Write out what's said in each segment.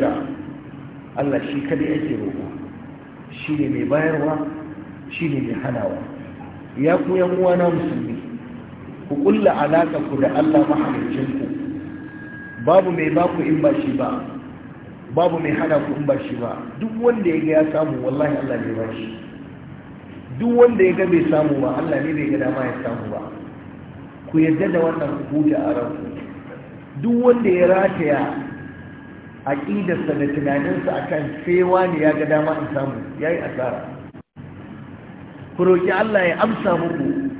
kira Allah shi kadai ake roƙo shi ne mai bayarwa shi ne mai hanawa ya ku yan uwana musulmi ku kulla alaka ku da Allah mahalicin ku babu mai ba ku in ba shi ba babu mai hana ku in ba shi ba duk wanda ya ga ya samu wallahi Allah ne ba shi duk wanda ya ga bai samu ba Allah ne bai ga dama ya samu ba ku yarda da wannan ku a ranku duk wanda ya rataya aƙidarsa da tunaninsa a kan ne ya ga dama in samu ya yi asara ku roƙi Allah ya amsa muku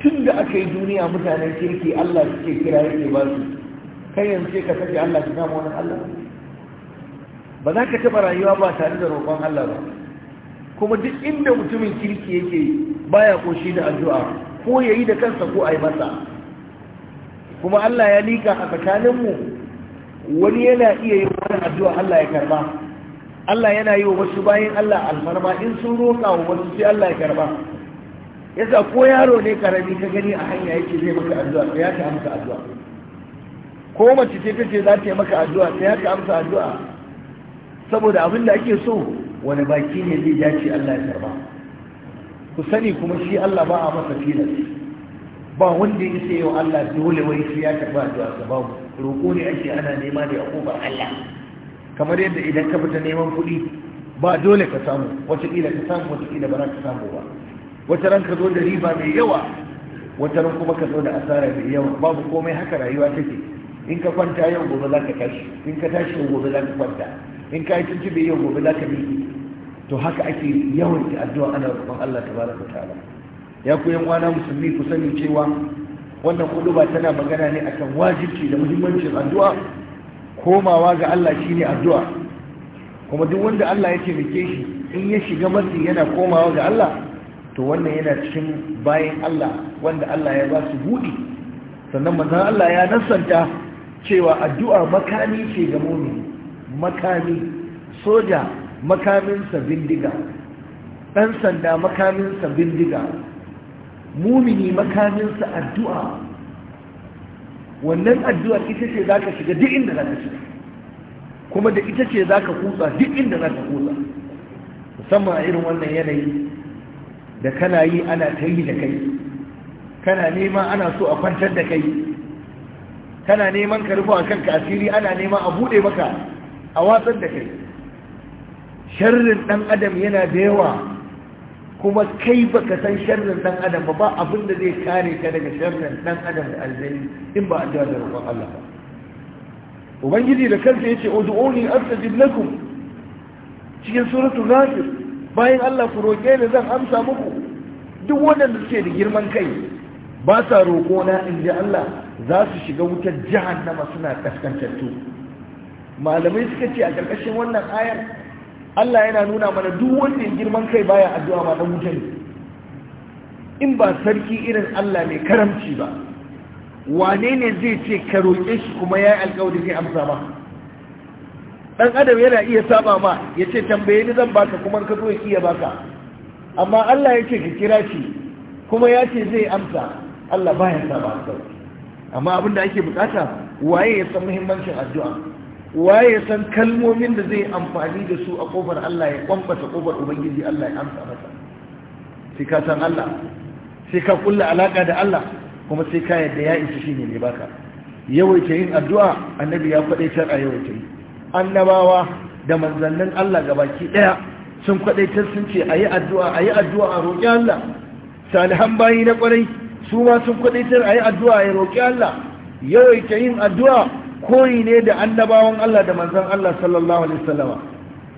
tun da aka yi duniya mutanen kirki Allah suke kira yake ba su kai yanzu sai ka sake Allah ka samu wani Allah ba za ka taɓa rayuwa ba tare da roƙon Allah ba kuma duk inda mutumin kirki yake baya koshi da addu'a ko yayi da kansa ko a yi masa kuma Allah ya lika a tsakaninmu wani yana iya yin wani addu'a Allah ya karba Allah yana yi wa wasu bayan Allah alfarma in sun roƙa wa wasu sai Allah ya karba yasa ko yaro ne karami ka gani a hanya yake zai maka addu'a sai ya ka amsa addu'a ko mace ce ce za ta yi maka addu'a sai ya ka amsa addu'a saboda abin da ake so wani baki ne zai dace Allah ya karba ku sani kuma shi Allah ba a masa filas. ba wanda ya sai wa Allah dole wai sai ya karba addu'a ka babu roƙo ne ake ana nema da yakuban Allah kamar yadda idan ka fita neman kuɗi ba dole ka samu wataƙila ka samu wataƙila ba za ka samu ba wata ran ka zo da riba mai yawa wata ran kuma ka zo da asara mai yawa babu komai haka rayuwa take in ka kwanta yau gobe za ka tashi in ka tashi yau gobe za ka kwanta in ka yi tuntube yau gobe za ka miƙe to haka ake yawan addu'a ana roƙon Allah tabaraka ta'ala ya ku yan wana musulmi ku sani cewa wannan ba tana magana ne akan wajibci da muhimmancin addu'a komawa ga Allah shine addu'a kuma duk wanda Allah ya taimake shi in ya shiga matsi yana komawa ga Allah to wannan yana cikin bayan Allah wanda Allah ya ba su buɗi sannan manzon Allah ya nasanta cewa addu'a makami ce ga mumini makami soja makaminsa bindiga Dan sanda makaminsa bindiga mumini makaminsa addu'a wannan addu'a ita ce za ka shiga duk inda za ka shiga kuma da ita ce za ka kutsa duk inda za ka kutsa musamman a irin wannan yanayi da kana yi ana ta yi da kai kana nema ana so a kwantar da kai kana neman ka rufa kanka asiri ana nema a buɗe maka a watsar da kai sharrin ɗan adam yana da yawa kuma kai ba ka san sharrin dan adam ba ba abin da zai kare ka daga sharrin dan adam da aljani in ba addu'a da roƙon Allah ba ubangiji da kansa yace ud'uni astajib lakum cikin suratul ghafir bayan Allah ku roke ni zan amsa muku duk waɗanda suke da girman kai ba sa roƙo na in ji Allah za su shiga wutar jahannama suna kaskantattu malamai suka ce a ƙarƙashin wannan ayar Allah yana nuna mana duk wanda ya girman kai baya addu'a ba dan wuta ne in ba sarki irin Allah mai karamci ba wane ne zai ce ka roƙe shi kuma ya alƙawari zai amsa ba Dan adam yana iya saba ma ya ce tambaye ni zan baka kuma ka zo ya baka amma Allah ya ka kira shi kuma ya ce zai amsa Allah baya saba amma abin da ake bukata waye ya san muhimmancin addu'a waye san kalmomin da zai amfani da su a kofar Allah ya kwamfata kofar ubangiji Allah ya amsa masa sai ka san Allah sai ka kulla alaka da Allah kuma sai ka yadda ya isa shine mai baka yawaita yin addu'a annabi ya kwadaitar a yawaita yi annabawa da manzannin Allah gabaki daya sun kwadaitar sun ce ayi addu'a ayi addu'a a roƙi Allah salihan bayi na kwarai su ma sun a ayi addu'a ya roƙi Allah yawaita yin addu'a koyi ne da annabawan Allah da manzon Allah sallallahu alaihi wasallama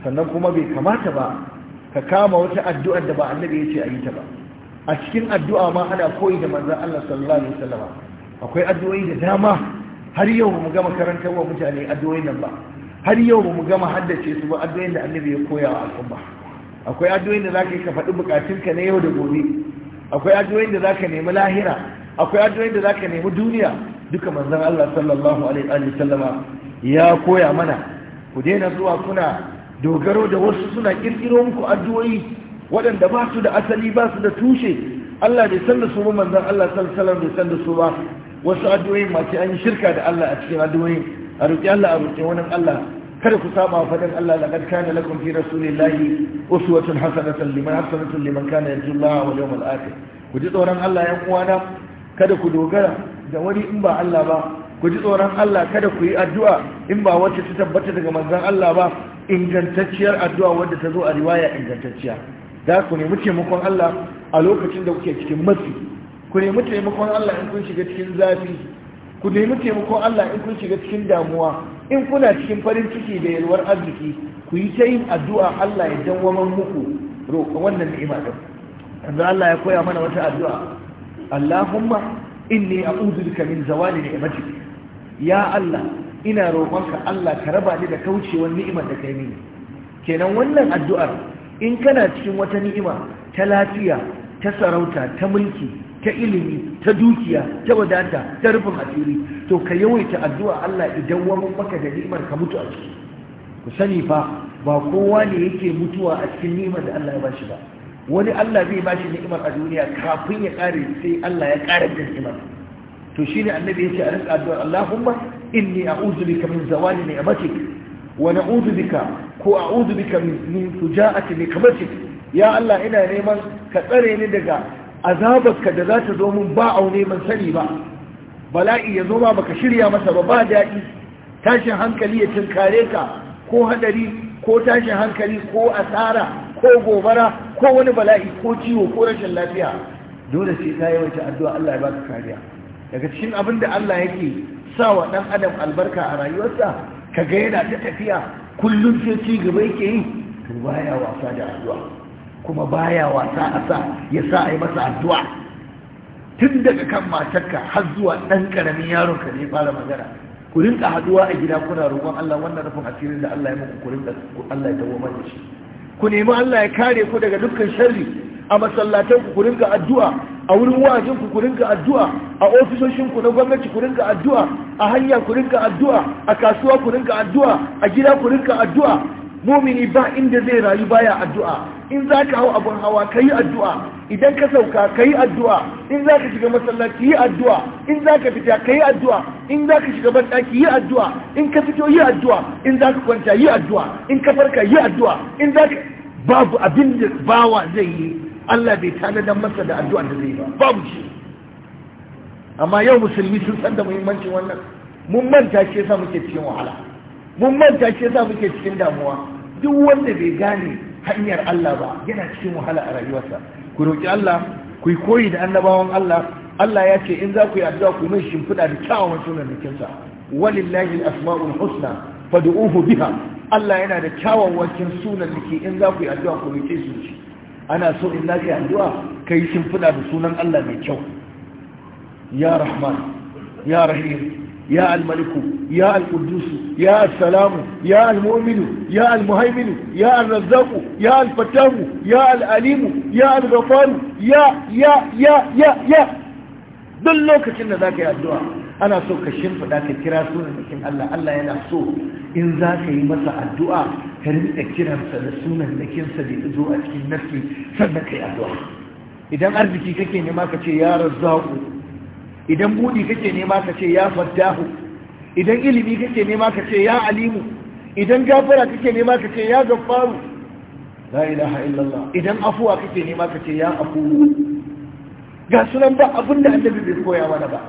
sannan kuma bai kamata ba ka kama wata addu'a da ba annabi ya ce a yi ta ba a cikin addu'a ma ana koyi da manzon Allah sallallahu alaihi wasallama akwai addu'o'i da dama har yau mu gama karantar wa mutane addu'o'i nan ba har yau mu gama haddace su ba addu'o'in da annabi ya koya wa al'umma akwai addu'o'in da zaka yi ka faɗi bukatunka na yau da gobe akwai addu'o'in da zaka nemi lahira akwai addu'o'in da zaka nemi duniya duka manzan Allah sallallahu alaihi wa sallama ya koya mana ku daina zuwa kuna dogaro da wasu suna kirkiro muku addu'o'i waɗanda ba su da asali ba su da tushe Allah bai san da su ba manzon Allah sallallahu alaihi wa sallam bai san da su ba wasu addu'o'i ma sai an yi shirka da Allah a cikin addu'o'i a roƙi Allah a roƙi wani Allah kada ku saba fadan Allah laqad kana lakum fi rasulillahi uswatun hasanatan liman hasanatan liman kana yarjullaha wal yawmal akhir ku ji tsoron Allah ya uwana kada ku dogara da wani in ba Allah ba ku ji tsoron Allah kada ku yi addu'a in ba wacce ta tabbata daga manzon Allah ba ingantacciyar addu'a wadda ta zo a riwaya ingantacciya da ku nemi taimakon Allah a lokacin da kuke cikin matsi ku nemi taimakon Allah in kun shiga cikin zafi ku nemi taimakon Allah in kun shiga cikin damuwa in kuna cikin farin ciki da yalwar arziki ku yi ta yin addu'a Allah ya dawwamar muku roƙon wannan ni'ima din Allah ya koya mana wata addu'a Allahumma inni a bika min zawali ni'matik ya Allah ina roƙonka Allah ka raba ni da kaucewar ni'imar da kai mini kenan wannan addu'ar in kana cikin wata ni'ima ta lafiya ta sarauta ta mulki ta ilimi ta dukiya ta wadata ta rufin asiri to ka yawaita addu'a Allah idan wani maka da ni'imar ka mutu a ciki ku sani fa ba kowa ne yake mutuwa a cikin ni'imar da Allah ya bashi ba wani Allah zai bashi ni'imar a duniya kafin ya kare sai Allah ya kare da ni'imar to shine annabi yace a rinka addu'a Allahumma inni a'udhu bika min zawali ni'matik wa na'udhu bika ko a'udhu bika min fujaa'ati nikmatik ya Allah ina neman ka tsare ni daga azabarka da za ta zo min ba aune man sani ba bala'i ya zo ba baka shirya masa ba ba daɗi tashin hankali ya tunkare ka ko hadari ko tashin hankali ko asara ko gobara ko wani bala'i ko ciwo ko rashin lafiya dole sai ka yawaita addu'a Allah ya baka kariya daga cikin abin da Allah yake sa wa dan adam albarka a rayuwarsa ka ga yana ta tafiya kullum sai ci gaba yake yi to baya wasa da addu'a kuma baya wasa a sa ya sa a yi masa addu'a tun daga kan matarka har zuwa dan karamin yaron ka ne fara magana ku rinka haduwa a gida kuna roƙon Allah wannan rufin asirin da Allah ya muku ku rinka Allah ya dawo shi ku nemi Allah ya kare ku daga dukkan sharri a masallatan ku rinka addu'a a wurin wajin ku rinka addu'a a ofisoshin ku na gwamnati ku rinka addu'a a hanya ku rinka addu'a a kasuwa ku rinka addu'a a gida ku rinka addu'a mumini ba inda zai rayu baya addu'a in za ka hau abun hawa ka addu'a idan ka sauka ka yi addu'a in za ka shiga masallaci yi addu'a in za ka fita ka yi addu'a in za ka shiga banɗaki yi addu'a in ka fito yi addu'a in za ka kwanta yi addu'a in ka farka yi addu'a in za ka babu abin da bawa zai yi Allah bai tanadar masa da addu'a da zai ba babu shi amma yau musulmi sun san da muhimmancin wannan mun manta shi yasa muke cikin wahala mun manta shi yasa muke cikin damuwa duk wanda bai gane hanyar Allah ba yana cikin wahala a rayuwarsa ku roƙi Allah ku yi koyi da annabawan Allah Allah ya ce in za ku yi addu'a ku mai shimfiɗa da kyawawan sunan nikinsa walillahi asmaul husna fad'uhu biha Allah yana da kyawawan sunan niki in za ku yi addu'a ku roƙe su shi ana so in na ka yi addu'a ka yi shimfiɗa da sunan Allah mai kyau ya rahman يا رحيم يا الملك يا القدوس يا السلام يا المؤمن يا المهيمن يا الرزاق يا الفتاح يا العليم يا الغفار يا يا يا يا يا دل لوك كنا ذاك يا الدعاء أنا سوك كشن فداك كرا سونا لكن الله الله يلا سو إن ذاك يمتع الدعاء هرمي أكترم سلسونا لكن سدي أدعاء كي نفسي سنك يا الدعاء إذا أرضي كي كي نماك يا رزاق idan budi kake nema ka ce ya faddahu idan ilimi kake nema ka ce ya alimu idan gafara kake nema ka ce ya gaffaru la ilaha illallah idan afuwa kake nema ka ce ya afuwu ga sunan ba abinda annabi bai koya mana ba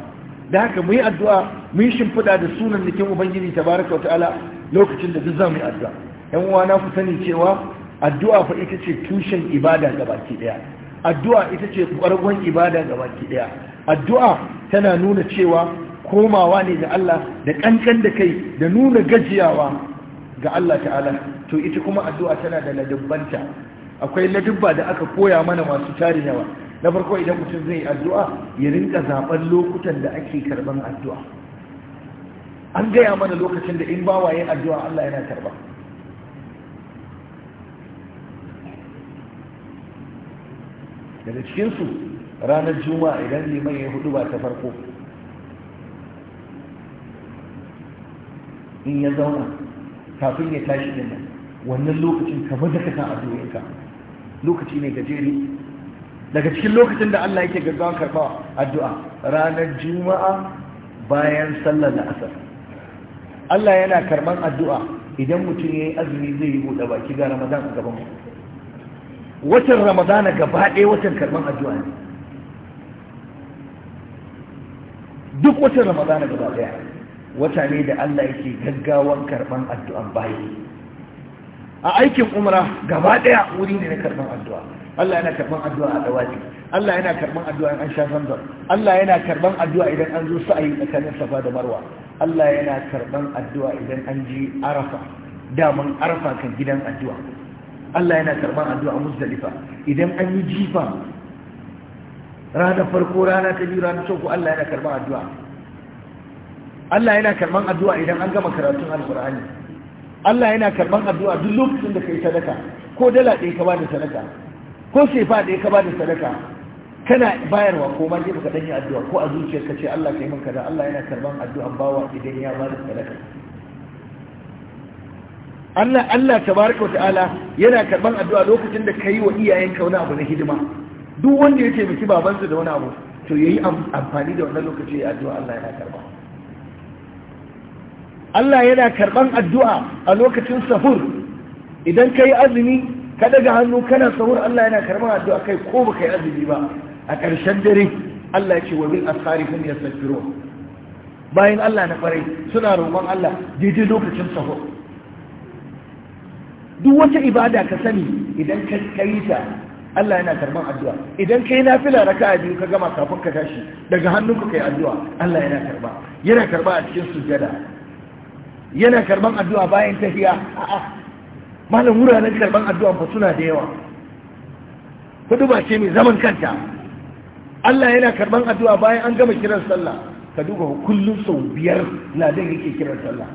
da haka mu yi addu'a mu yi shimfiɗa da sunan nikin ubangiji tabaraka wa ta'ala lokacin da duk za mu yi addu'a yan uwa na ku sani cewa addu'a fa ita ce tushen ibada gabaki daya addu'a ita ce kwargon ibada gabaki daya addu'a tana nuna cewa komawa ne ga Allah da ƙanƙan da kai da nuna gajiyawa ga Allah ta'ala to ita kuma addu'a tana da ladubbanta akwai ladubba da aka koya mana masu tari yawa na farko idan mutum zai addu'a ya rinka zaɓen lokutan da ake karɓar addu'a an gaya mana lokacin da in bawa yin addu'a Allah yana karɓa daga cikinsu ranar juma'a idan liman ya hudu ba ta farko in ya zauna kafin ya tashi din nan wannan lokacin kamar da ka san addu'o'inka lokaci ne gajeri daga cikin lokacin da Allah yake gaggawa karba addu'a ranar juma'a bayan sallar asar Allah yana karban addu'a idan mutum ya yi azumi zai yi buɗe baki ga Ramadan a gaban mu watan Ramadana gaba ɗaya watan karban addu'a ne duk wata ramadana gaba daya wata ne da Allah yake gaggawan karban addu'an bayi a aikin umra gaba daya wuri ne na karban addu'a Allah yana karban addu'a a dawati Allah yana karban addu'a in an sha zanzan Allah yana karban addu'a idan an zo sa'ayi tsakanin safa da marwa Allah yana karban addu'a idan an ji arafa daman arafa kan gidan addu'a Allah yana karban addu'a muzdalifa idan an yi jifa ranar farko rana ta biyu ranar uku Allah yana karban addu'a Allah yana karban addu'a idan an gama karatun alkur'ani Allah yana karban addu'a duk lokacin da ka yi sadaka ko dala ɗaya ka bada sadaka ko sefa ɗaya ka bada sadaka kana bayarwa ko ma jefa kaɗan yi addu'a ko a ka ce Allah ka yi min kaza Allah yana karban addu'a bawa idan ya ba bada sadaka Allah Allah tabaraka wa ta'ala yana karban addu'a lokacin da ka yi wa iyayenka wani abu na hidima duk wanda ya taimaki babansa da wani abu to yayi amfani da wannan lokaci ya addu'a Allah yana karba Allah yana karban addu'a a lokacin sahur idan kai azumi ka daga hannu kana sahur Allah yana karban addu'a kai ko baka yi azumi ba a ƙarshen dare Allah ce wa bil asari hum bayan Allah na farai suna roƙon Allah daidai lokacin sahur duk wata ibada ka sani idan ka kai ta Allah yana karban addu'a idan kai na fila biyu ka gama kafin ka tashi daga hannunka yi addu'a Allah yana karba yana karba a cikin sujjada yana karban addu'a bayan tafiya. a'a malam wuraren karban addu'a ba suna da yawa kudu ba ce mai zaman kanta Allah yana karban addu'a bayan an gama kiran sallah ka duba kullum sau biyar ladan yake kiran sallah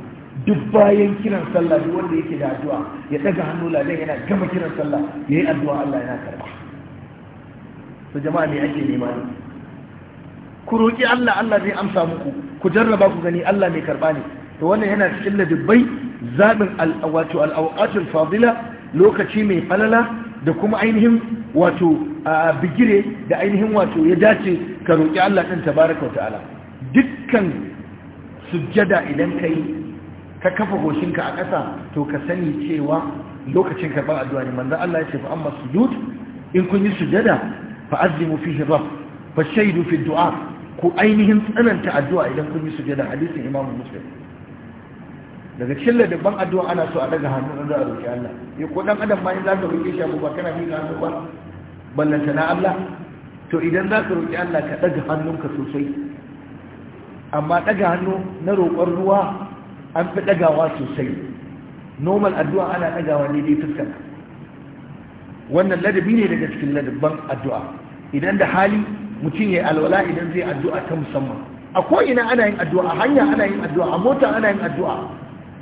duk bayan kiran sallah duk wanda yake da addu'a ya daga hannu ladan yana gama kiran sallah yayi addu'a Allah yana karba to jama'a me ake nema ne ku roki Allah Allah zai amsa muku ku jarraba ku gani Allah mai karɓa ne to wannan yana cikin da zabin al-awatu al fadila lokaci mai falala da kuma ainihin wato bigire da ainihin wato ya dace ka roƙi Allah ɗin tabaraka wa ta'ala dukkan sujjada idan ka yi ka kafa goshinka a ƙasa to ka sani cewa lokacin karɓar addu'a ne manzo Allah ya ce fa amma sujud in kun yi sujada fa azimu fihi rabb fa shaidu fi du'a ku ainihin tsananta addu'a idan kun yi sujada hadisin Imam Muslim daga cikin ladabban addu'a ana so a daga hannu na da roƙi Allah ya ko dan adam ma in za ka roƙe shi ba kana miƙa hannu ba ballanta na Allah to idan za ka roƙi Allah ka daga hannunka sosai amma daga hannu na roƙon ruwa an fi ɗagawa sosai normal addu'a ana ɗagawa ne dai fuskar wannan ladabi ne daga cikin ladabban addu'a idan da hali mutum ya alwala idan zai addu'a ta musamman a ko'ina ana yin addu'a a hanya ana yin addu'a a mota ana yin addu'a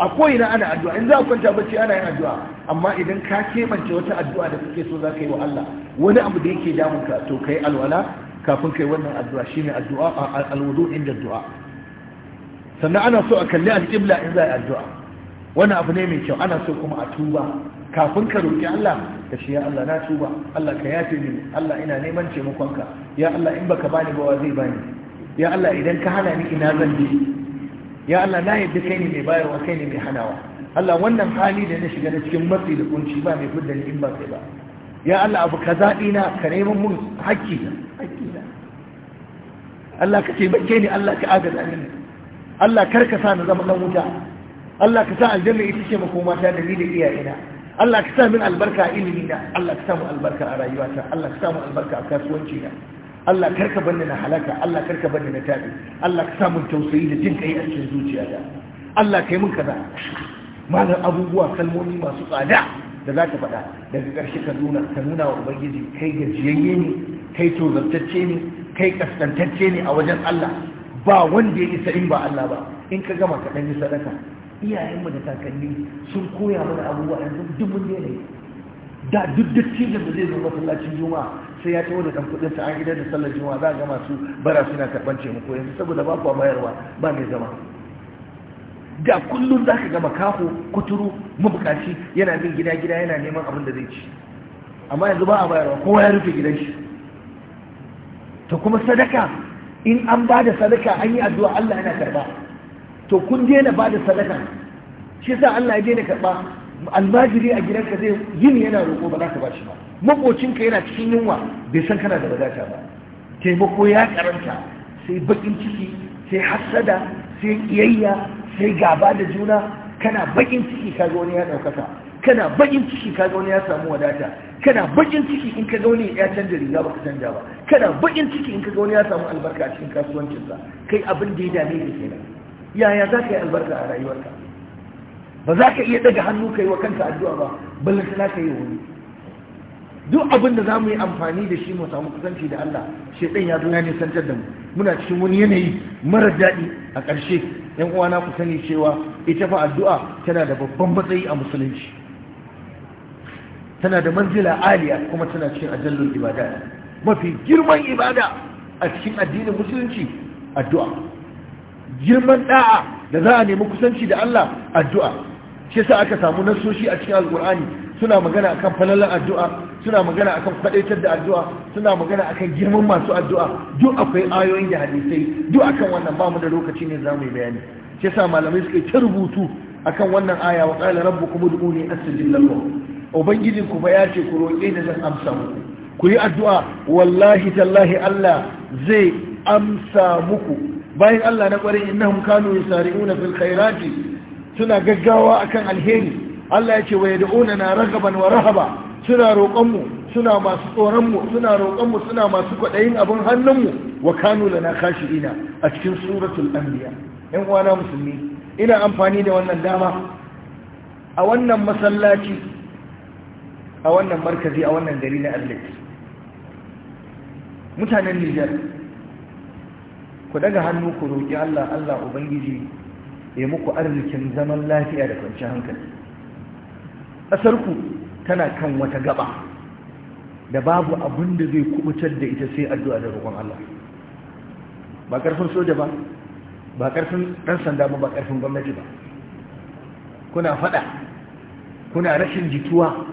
a ko'ina ana addu'a in za a kwanta bacci ana yin addu'a amma idan ka keɓance wata addu'a da kake so za ka yi wa Allah wani abu da yake damunka to ka yi alwala kafin ka yi wannan addu'a shine addu'a a alwudu inda du'a sannan ana so a kalli alƙibla in za a addu'a wani abu ne mai kyau ana so kuma a tuba kafin ka roƙi Allah ka ce ya Allah na tuba Allah ka yafe mini Allah ina neman taimakonka ya Allah in baka bani ba wa zai bani ya Allah idan ka hana ni ina zan je ya Allah na yadda kai ne mai bayarwa kai ne mai hanawa Allah wannan hali da na shiga na cikin matsi da kunci ba mai fudda ni in ba kai ba ya Allah abu ka zaɗi na, ka neman mun hakki Allah ka ce bakke ni Allah ka agaza ni Allah kar ka sa na zama dan wuta Allah ka sa aljanna ita ce makoma ta da ni da iyayena Allah ka sa min albarka a ilimi na Allah ka sa mu albarka a rayuwata Allah ka sa mu albarka a kasuwanci na Allah kar ka banni na halaka Allah kar ka banni na tabi Allah ka sa mun tausayi da jin kai a cikin zuciyata Allah kai mun kaza malam abubuwa kalmomi masu tsada da za ka faɗa daga ƙarshe ka nuna ka nuna wa ubangiji kai gajiyayye ne kai tozartacce ne kai kaskantacce ne a wajen Allah ba wanda ya isa in ba Allah ba in ka gama ka ɗanyi sadaka iyayenmu da takalmi sun koya mana abubuwa yanzu duk mun daina da duk cikin da zai zo masallacin juma'a sai ya tawo da dan kudin sa an gidan da sallar juma'a za ga masu bara suna karban ce mu koyan saboda ba kuwa bayarwa ba mai zama da kullum za ka gama kafo kuturu mabukaci yana bin gida gida yana neman abin da zai ci amma yanzu ba a bayarwa kowa ya rufe gidan shi ta kuma sadaka in an ba da sadaka an yi addu'a Allah yana karba to kun daina ba da sadaka shi sa Allah ya daina karɓa. almajiri a gidanka zai yin yana roƙo ba za ka ba shi ba makocinka yana cikin yunwa bai san kana da wadata ba taimako ya karanta sai bakin ciki sai hassada sai iyayya sai gaba da juna kana bakin ciki ka wani ya ɗaukaka kana baƙin ciki ka wani ya samu wadata kana baƙin ciki in ka wani ya canja riga ba ka canja ba Kada, bakin ciki in kaga wani ya samu albarka a cikin kasuwancinsa kai abin da ya dame ka kenan yaya za ka yi albarka a rayuwarka ba za ka iya daga hannu kai wa kanka addu'a ba balle sai ka yi wani duk abin da za mu yi amfani da shi mu samu kusanci da Allah shedan ya zo ya nisantar da mu muna cikin wani yanayi mara daɗi a ƙarshe yan uwana ku sani cewa ita fa addu'a tana da babban matsayi a musulunci tana da manzila aliya kuma tana cikin ajallul ibadat mafi girman ibada a cikin addinin musulunci addu'a girman da'a da za a nemi kusanci da Allah addu'a shi yasa aka samu nasoshi a cikin alkur'ani suna magana akan falalar addu'a suna magana akan faɗaitar da addu'a suna magana akan girman masu addu'a duk akwai ayoyin da hadisai duk akan wannan ba mu da lokaci ne za mu yi bayani shi yasa malamai suka yi ta rubutu akan wannan aya wa qala rabbukum ud'uni astajib lakum ubangijinku ba ya ce ku roƙe da zan amsa muku ku yi addu'a wallahi tallahi Allah zai amsa muku bayan Allah na ƙwarin innahum kanu yusari'una fil khairati suna gaggawa akan alheri Allah ya ce wa Una na ragaban wa rahaba suna roƙonmu suna masu tsoronmu suna roƙonmu suna masu kwaɗayin abin hannunmu wa kanu kashi ina a cikin suratul anbiya ƴan uwana musulmi ina amfani da wannan dama a wannan masallaci a wannan markazi a wannan gari na Adelaide mutanen Nijar ku daga hannu ku roƙi Allah Allah ubangiji ya muku arzikin zaman lafiya da kwanciyar hankali Ƙasarku tana kan wata gaba da babu abin da zai kubutar da ita sai addu'a da roƙon Allah ba ƙarfin soja ba ba ƙarfin ɗan sanda ba ba ƙarfin gwamnati ba kuna faɗa kuna rashin jituwa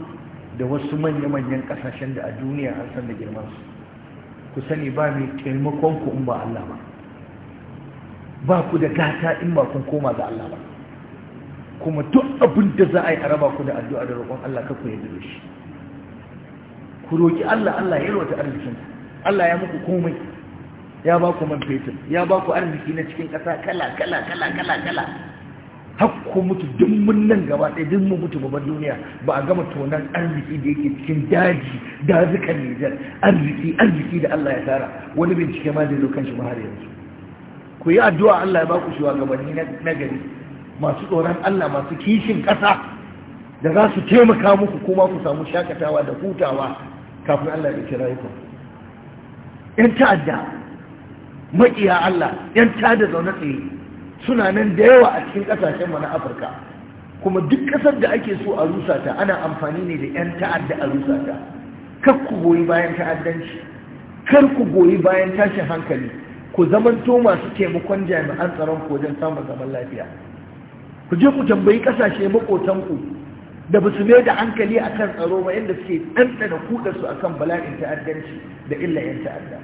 da wasu manya-manyan ƙasashen da a duniya an san da girmansu ku sani ba mai taimakon ku in ba Allah ba ba ku da gata in ba kun koma ga Allah ba kuma duk abin da za a yi a raba ku da addu'a da roƙon Allah ka ku yadda shi ku roƙi Allah Allah ya rota arzikin Allah ya muku komai ya ba ku man fetur ya ba ku arziki na cikin ƙasa kala kala kala kala kala hakko mutu duk mun nan gaba ɗaya duk mun mutu babban duniya ba a gama tonan arziki da yake cikin daji da dazukan Nijar arziki arziki da Allah ya tara wani bincike ma zai zo kan shi ma har yanzu ku yi addu'a Allah ya baku shugabanni na gari masu tsoron Allah masu kishin ƙasa da za su taimaka muku kuma ku samu shakatawa da hutawa kafin Allah ya kira ku yan ta'adda maƙiya Allah yan ta'adda zaune tsaye suna nan da yawa a cikin kasashen mu na afirka kuma duk kasar da ake so a rusata ana amfani ne da 'yan ta'adda a rusata. kar ku goyi bayan ta'addanci kar ku goyi bayan tashin hankali ku zamanto masu taimakon jami'an tsaron ku wajen samun zaman lafiya ku je ku tambayi kasashe makotanku da ba su mai da hankali a kan tsaro ba yadda suke ɗanɗana kudarsu a kan bala'in ta'addanci da illa 'yan ta'adda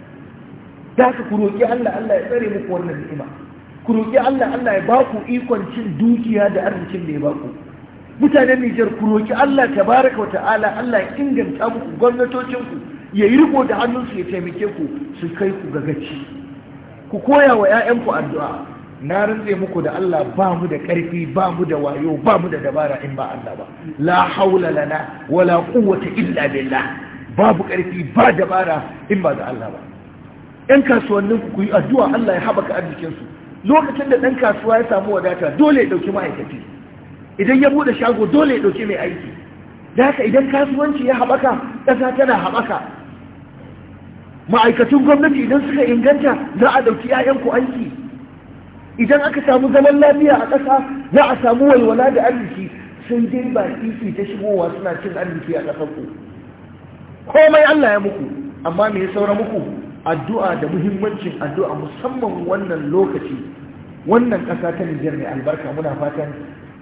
ta ku roƙi allah allah ya tsare muku wannan ni'ima ku roƙi Allah Allah ya baku ikon cin dukiya da arzikin da ya baku mutanen Nijar ku roƙi Allah tabaraka wa ta'ala Allah ya inganta muku gwamnatocin ku ya yi riko da su ya taimake ku su kai ku gagaci ku koya wa 'ya'yanku addu'a na rantse muku da Allah ba mu da ƙarfi ba mu da wayo ba mu da dabara in ba Allah ba la hawla lana wala quwwata illa billah babu ƙarfi ba dabara in ba da Allah ba Ƴan kasuwannin ku yi addu'a Allah ya haɓaka arzikin su lokacin da ɗan kasuwa ya samu wadata dole ya ɗauki ma'aikaci idan ya buɗe shago dole ya ɗauki mai aiki da haka idan kasuwanci ya haɓaka ƙasa tana haɓaka ma'aikatun gwamnati idan suka inganta za a ɗauki 'ya'yanku aiki idan aka samu zaman lafiya a ƙasa za a samu walwala da arziki sai dai ba isi ta shigowa suna cin arziki a ƙasar ku komai Allah ya muku amma me ya saura muku addu'a da muhimmancin addu'a musamman wannan lokaci wannan ƙasa ta Nijar mai albarka muna fatan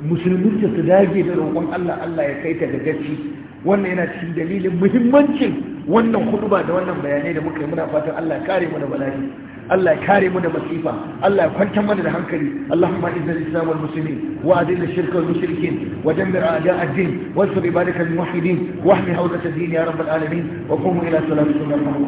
musulmin da su dage da roƙon Allah Allah ya kai ta ga gaci wannan yana cikin dalilin muhimmancin wannan huduba da wannan bayanai da muka yi muna fatan Allah ya kare mu da bala'i Allah ya kare mu da masifa Allah ya kwanta mana da hankali Allahumma izzil islam wal muslimin wa adil ash-shirk wal mushrikin wa dammir a'da' ad-din wa ansur ibadaka al-muwahhidin wa ahmi hawzat ad-din ya